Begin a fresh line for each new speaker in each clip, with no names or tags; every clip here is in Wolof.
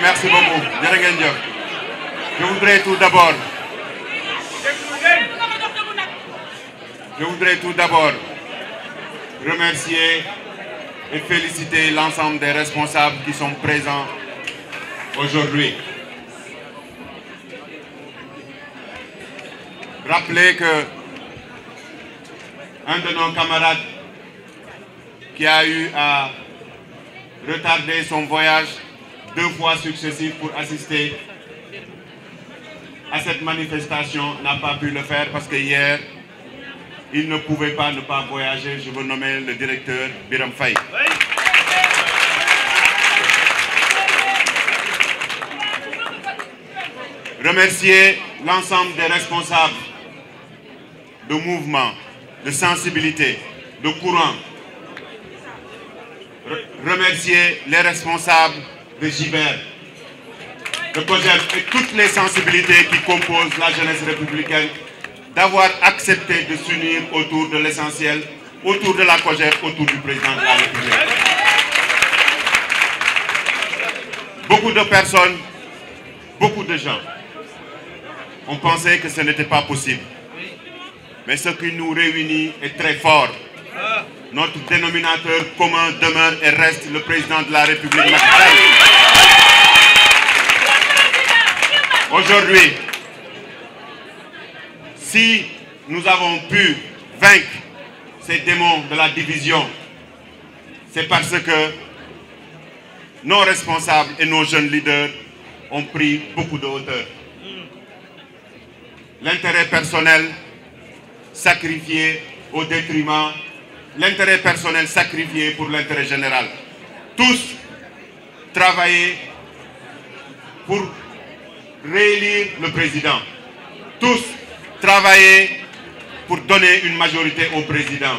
merci beaucoup je voudrais tout d'abord je voudrais tout d'abord remercier et féliciter l'ensemble des responsables qui sont présents aujourd'hui. Rappelez que un de nos camarades qui a eu à retarder son voyage deux fois successives pour assister à cette manifestation n'a pas pu le faire parce que hier, il ne pouvait pas ne pas voyager. Je veux nommer le directeur Biram Faye. Remercier l'ensemble des responsables de mouvement, de sensibilité, de courant. Remercier les responsables de Jiver, de COGEF et toutes les sensibilités qui composent la jeunesse républicaine d'avoir accepté de s'unir autour de l'essentiel, autour de la COGEF, autour du président de la République. Beaucoup de personnes, beaucoup de gens ont pensé que ce n'était pas possible. Mais ce qui nous réunit est très fort notre dénominateur commun demeure et reste le président de la République Aujourd'hui, si nous avons pu vaincre ces démons de la division, c'est parce que nos responsables et nos jeunes leaders ont pris beaucoup de hauteur. L'intérêt personnel sacrifié au détriment l'intérêt personnel sacrifié pour l'intérêt général. Tous travailler pour réélire le président. Tous travailler pour donner une majorité au président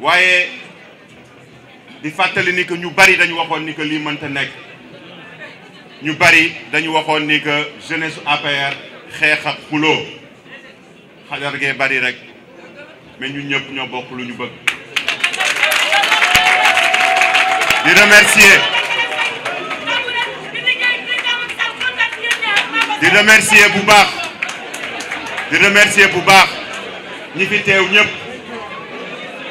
waaye di fatali ni que ñu bari dañu waxon ni que lii mënta nek ñu bari dañu waxon ni que jeunesse APR xeex ak xuloo xajar gee bari rek mais ñu ñëpp ño bokku lu ñu bëgg. di remercier di remercier bu baax di remercier bu baax ñi fi tew ñëpp.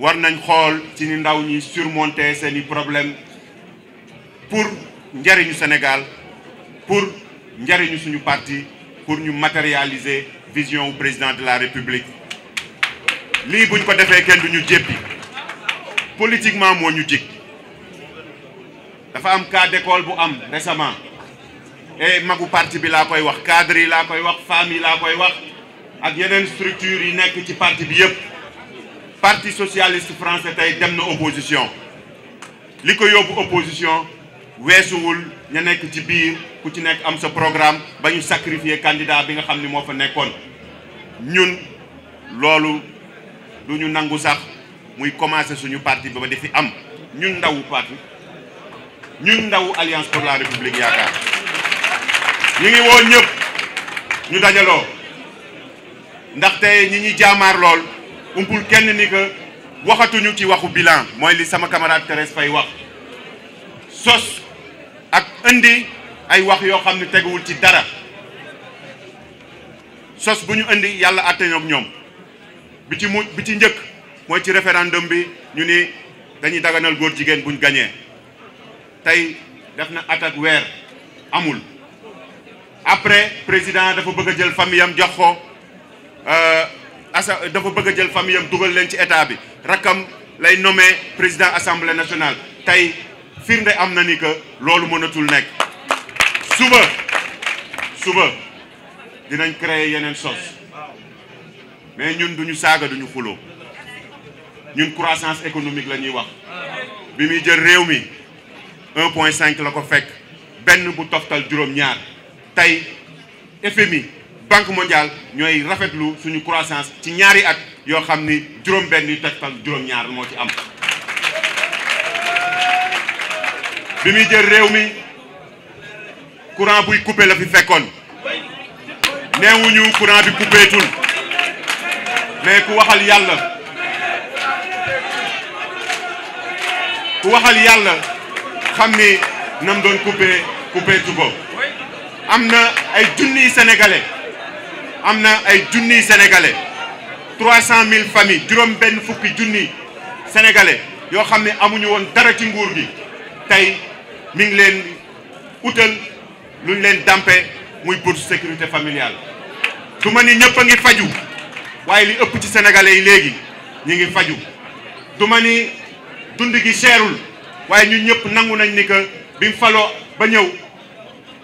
war nañ xool ci ni ndaw ñi surmonter seeni problème pour njariñu Sénégal pour njariñu suñu parti pour ñu matérialiser vision wu président de la République lii buñ ko defee kenn duñu jéppi politiquement moo ñu jig dafa am cas école bu am récemment et magu parti bi laa koy wax cadre yi laa koy wax famille laa koy wax ak yeneen structure yi nekk ci parti bi yëpp parti socialiste français tay dem na opposition liko yob yóbbu opposition weesuwul ña nek ci biir ku ci nek am sa programme bañu sacrifier candidat bi nga xamni mo fa nekkoon ñun lolu duñu nangu sax muy commencer suñu parti ba ba am ñun ndawu parti ñun ndawu alliance pour la république yaakaar ñi ngi wo ñep ñu dajalo ndax tay ñi ñi jamar lool umpul kenn ni que ñu ci waxu bilan moy li sama camarade Thérèse Faye wax sos ak indi ay wax yo xamni ne ci dara sos buñu indi yalla àtte ñoom ñom bi ci bi ci ñëk moy ci référendum bi ñu ni dañuy daganal goor jigen buñu gagné tay def na at wèr amul après président dafa bëgg jël famille am jox ko euh, asa dafa bëgg jël famille am dugal leen ci état bi rakkam lay nommé président assemblée nationale tey firnde am na ni que loolu mënatul nekk suba suba dinañ créer yeneen sos mais ñun duñu saga duñu xuloo ñun croissance économique la ñuy wax bi muy jël réew mi 1 point 5 la ko fekk benn bu toftal juróom-ñaar tey FMI banque mondiale ñooy rafetlu suñu croissance ci ñaari at yoo xam ni juróom-benn yu toj ak juróom-ñaar moo ci am. bi muy jël réew mi courant buy coupé la fi fekkoon neewuñu courant bi coupé tul mais ku waxal yàlla ku waxal yàlla xam ni nam doon coupé coupé tu am na ay junniy sénégalais. am na ay junniy sénégalais trois cent mille familles juróom benn fukki junni sénégalais yoo xam ne amuñu woon dara ci nguur gi tey mi ngi leen utal lu ñu leen dàmpe muy bourse sécurité familiale du ma ni ñëpp a ngi faju waaye li ëpp ci sénégalais léegi ñi ngi faju du ma ni dund gi seerul waaye ñu ñëpp nangu nañ ni que bi mu faloo ba ñëw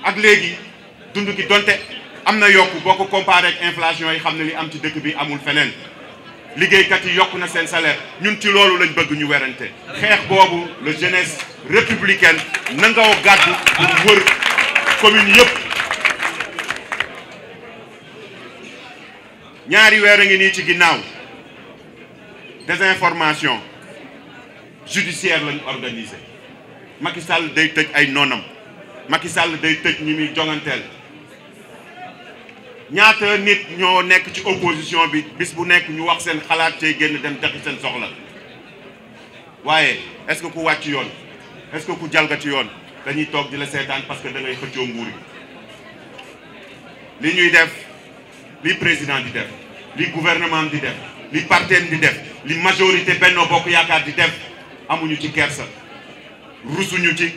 ak léegi dund gi donte amna yokku boko comparer ak inflation yi xamna li am ci dëkk bi amul ont kat yi yokk na sen salaire ñun ci loolu lañ bëgg ñu wérante xex la jeunesse républicaine nous gaddu pour wër commune yëpp ñaari weer Des ngi ci gens désinformation judiciaire lañ organiser Macky Sall day tëj ay nonam Macky day ñaata nit ñoo nekk ci opposition bi bis bu nekk ñu wax seen xalaat tay genn dem taxi seen soxla waaye est-ce que ku wàcc yoon est-ce que ku jalgati yoon dañuy toog di la seetaan parce que da ngay xëccoo nguur li ñuy def li président di def li gouvernement di def li parten di def li majorité Benno Bokk Yaakaar di def amuñu ci kersa rusuñu ci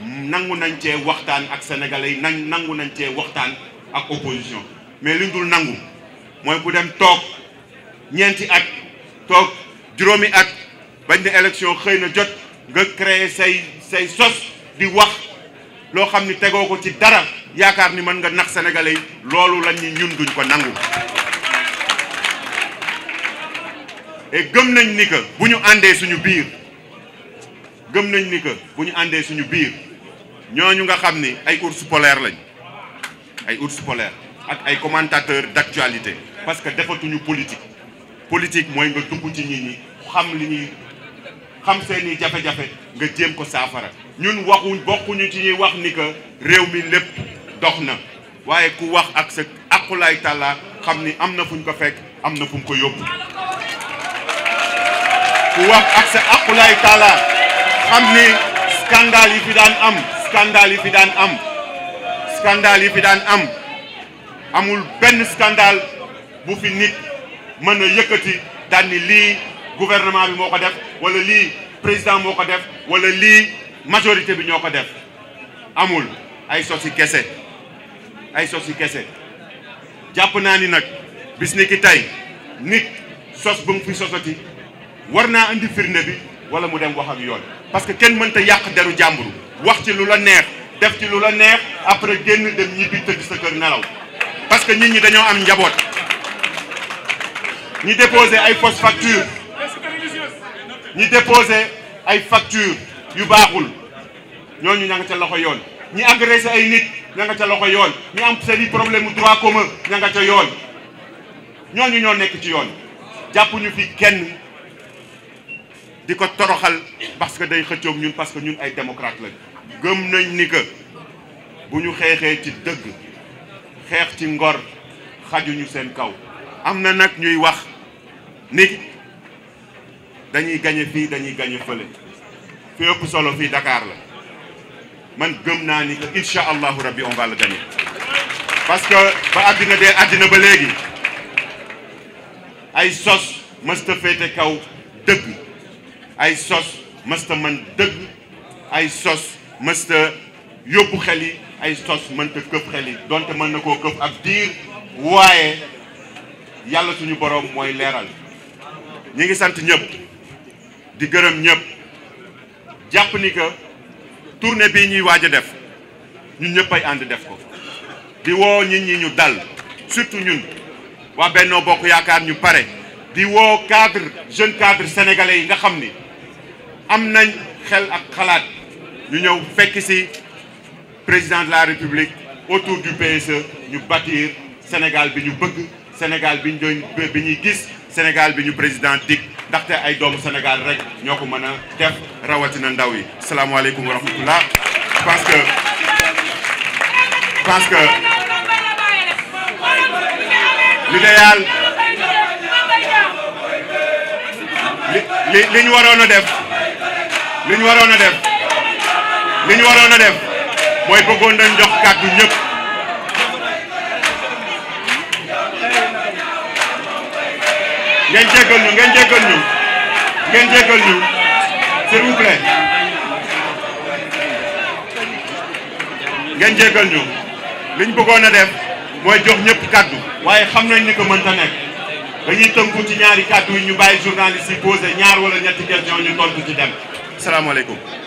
nangu nañ cee waxtaan ak sénégalais yi nañ nangu nañ cee waxtaan ak opposition mais liñ dul nangu moy bu dem tok ñenti at tok mi at bañ ne élection xeyna jot nga créer say say sos di wax lo xamni ni ko ci dara yaakar ni man nga nax sénégalais lolu lañ ni ñun duñ ko nangu et gëm nañ ni que buñu andé suñu biir gëm nañ ni que buñu andé suñu biir ñoñu nga xamni ay ours polaire lañ ay ours polaire et ay commentateurs d'actualité parce que defatuñu politique politique politiques, nga dugg ci nous ñi xam li Nous xam seeni Nous nga ko Nous ñun waxuñ bokkuñu ci wax ni que réew mi Nous ku wax ak nous fuñ ko fekk scandale yi fi daan am scandale yi fi am scandale fi am amul ben scandale bu fi nit meuna yëkëti dal ni li gouvernement bi moko def wala li président moko def wala li majorité bi ñoko def amul ay sosi kessé ay sosi kessé japp na ni nak bis ni ki nit sos bu mu fi sosati warna andi firnde bi wala mu dem wax ak yoon parce que kenn mënta yaq deru jàmbur wax ci lula neex def ci lula neex après genn dem ñibi teug sa kër nalaw parce que nit ñi dañoo am njaboot ñi déposé ay fausse facture ñi déposé ay facture yu baaxul ñooñu ña nga ca loxo yoon ñi agressé ay nit ña nga ca loxo yoon ñi am seeni problème mu droit commun ña nga ca yoon ñoo ñooñu ñoo nekk ci yoon jàppuñu fi kenn di ko toroxal parce que day xëccoog ñun parce que ñun ay démocrate lañ gëm nañ ni que bu ñu xeexee ci dëgg xeex ci ngor xajuñu seen kaw am na nag ñuy wax ni dañuy gañe fii dañuy gañe fële fi ëpp solo fii dakaar la man gëm naa ni que incha allahu rabbi on va le parce que ba àddina de àddina ba léegi ay sos mësta féete kaw dëgg ay sos mësta man dëgg ay sos mësta yóbbu xel yi ay sos mënta këpp xel yi donte mën na koo këpp ak diir waaye yàlla suñu boroom mooy leeral ñi ngi sant ñëpp di gërëm ñëpp jàpp ni que bii ñuy waaj a def ñun ñëpp ay ànd def ko di woo nit ñi ñu dal surtout ñun waa Benno Bokk Yaakaar ñu pare di woo cadre jeune cadre sénégalais yi nga xam ni am nañ xel ak xalaat ñu ñëw fekk si président de la république autour du PSE nous bâtir Sénégal bi ñu Sénégal bi ñu Sénégal bi président Dick Dr ay Sénégal nous ñoo Sénégal, nous a Sénégal, nous wa parce que parce que l'idéal li def li mooy bëggoon nañ jox kàddu ñëpp. ngeen jéggal ñu ngeen jéggal ñu ngeen jéggal ñu s'il vous plaît ñu liñ bëggoon a def mooy jox ñëpp kàddu waaye xam nañ ni ko mënta nekk dañuy tënku ci ñaari kàddu yi ñu bàyyi journaliste yi posé ñaar wala ñetti question ñu tontu ci dem. salaamaaleykum.